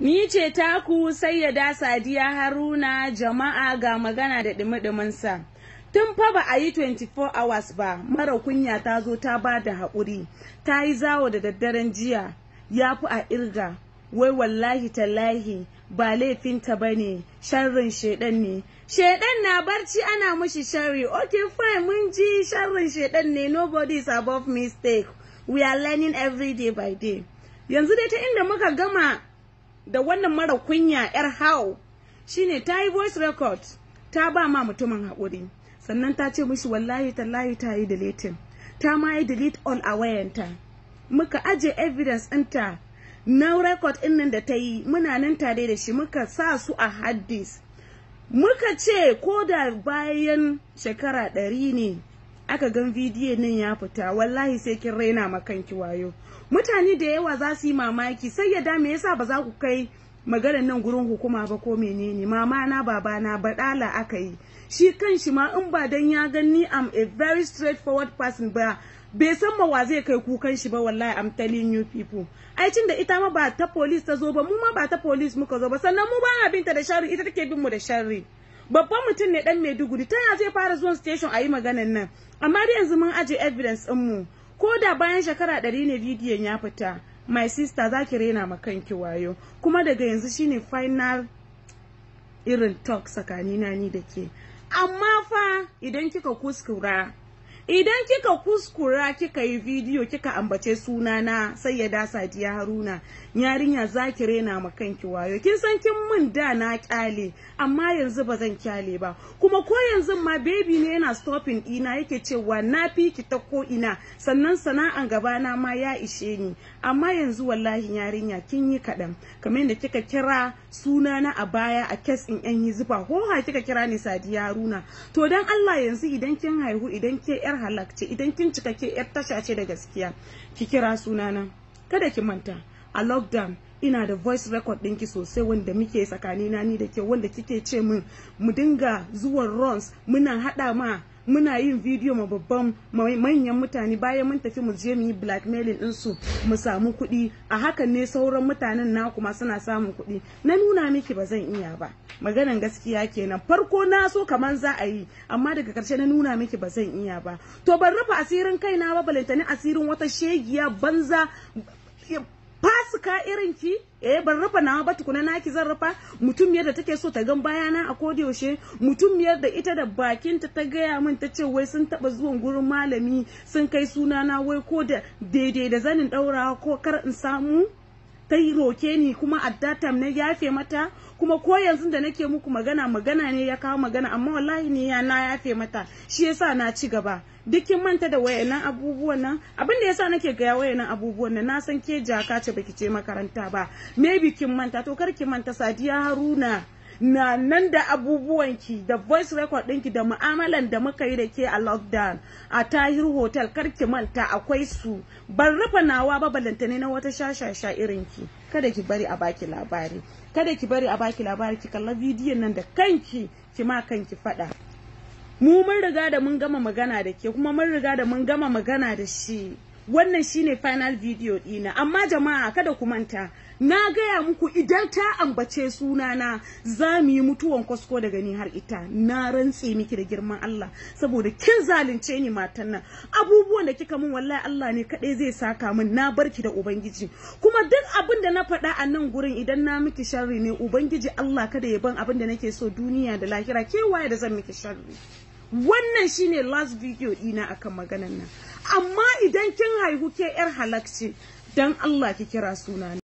Ni ce taku sayyada Sadiya Haruna jama'a ga magana da ɗumi sa. Tun fa ba a yi 24 hours ba, mara kunya ta zo ta ba da haƙuri, ta yi zawo da daddaren jiya, ya fi a irga, wai wallahi tallahi ba laifinta ba ne, sharrin shaidan ne. Shaidan na barci ana mushi sharri, okay fine mun ji sharrin shaidan ne, nobody is above mistake, we are learning every day by day. Yanzu dai ta inda muka gama da wannan mara kunya yar shi shine ta yi voice record ta ba ma mutumin haƙuri sannan ta ce mishi wallahi tallahi ta yi deleting ta ma yi delete all a wayanta muka aje evidence ɗinta na record ɗin nan da ta yi muna nan tare da shi muka sa su a haddis muka ce ko da bayan shekara ɗari ne aka gan bidiyon nan ya fita wallahi sai kin raina ma kanki wayo mutane da yawa za su yi mamaki sai ya da me yasa ba za ku kai maganar nan gurin hukuma ba ko menene mama na baba na badala aka yi shi kanshi shi ma in ba dan ya gani am a very straightforward person ba bai san ma wa zai kai kukan shi ba wallahi am telling you people ai cin da ita ma ba ta police ta zo ba mu ma ba ta police muka zo ba sannan mu ba abinta da sharri ita take bin mu da sharri babban mutum ne dan maiduguri tana zai fara zuwan station a yi maganan nan amma dai yanzu mun aje evidence din mu ko da bayan shekara 100 ne bidiyon ya fita my sister za ki rena ma kanki wayo kuma daga yanzu shine final irin talk tsakanina ni da ke amma fa idan kika kuskura idan kika kuskura kika yi bidiyo kika ambace sunana sai ya da sadiya haruna yarinya za ki rena ma kanki wayo kin san kin mun da na kyale amma yanzu ba zan kyale ba kuma ko yanzu ma baby ne yana stopping ina yake cewa na fi ki ta ko ina sannan sana'an gaba na ma ya ishe ni amma yanzu wallahi yarinya kin yi kaɗan kamar yadda kika kira sunana a baya a kes in yan yi zufa ho ha kika kira ni sadiya haruna to dan Allah yanzu idan kin haihu idan ke yar halakce idan kin cika ke yar tasha ce da gaskiya ki kira sunana kada ki manta a lockdown ina da voice record ɗinki sosai wanda muke tsakanina ni da ke wanda kike ce min mu dinga zuwan runs muna haɗa ma muna yin video ma babban manyan mutane bayan mun tafi mu je mu yi blackmailing su mu samu kuɗi a hakan ne sauran mutanen na kuma suna samun kuɗi na nuna miki ba zan iya ba maganan gaskiya kenan farko na so kaman za a yi amma daga karshe na nuna miki ba zan iya ba to ban rufe asirin kaina ba balantani asirin wata shegiya banza fasika irin ki eh ban rufa nawa ba tukuna naki zan rufa mutum yadda take so ta gan bayana a koda yaushe mutum yadda ita da bakinta ta gaya min ta ce wai sun taba zuwan gurin malami sun kai suna na wai ko da daidai da zanin daurawa ko kar in samu ta yi roke ni kuma at that time na yafe mata kuma ko yanzu da nake muku magana magana ne ya kawo magana amma wallahi ni ya na yafe mata shi yasa na ci gaba duk kin manta da wayannan abubuwan nan abin da yasa nake ga wayannan abubuwan nan na san ke jaka ce baki ce makaranta ba maybe kin manta to kar ki manta Sadiya Haruna na nan da abubuwanki da voice record ki da mu'amalan da muka yi da ke a lockdown a tahir hotel karki manta akwai su ban rufe nawa ba balantane na wata shashasha irinki kada ki bari a baki labari kada ki bari a baki labari ki kalla bidiyon nan da kanki ki ma kanki faɗa mu mun riga da mun gama magana da ke kuma mun riga da mun gama magana da shi wannan shine final video dina amma jama'a kada ku manta na gaya muku idan ta ambace sunana za mu yi mutuwan kwasko daga ni har ita na rantse miki da girman Allah saboda kin zalunce ni matan nan abubuwan da kika min wallahi Allah ne kadai zai saka min na barki da ubangiji kuma duk abin da na faɗa a nan gurin idan na miki sharri ne ubangiji Allah kada ya ban abin da nake so duniya da lahira ke waye da zan miki sharri wannan shine last video dina akan maganan nan amma idan kin haihu ke yar halakci dan Allah ki kira sunana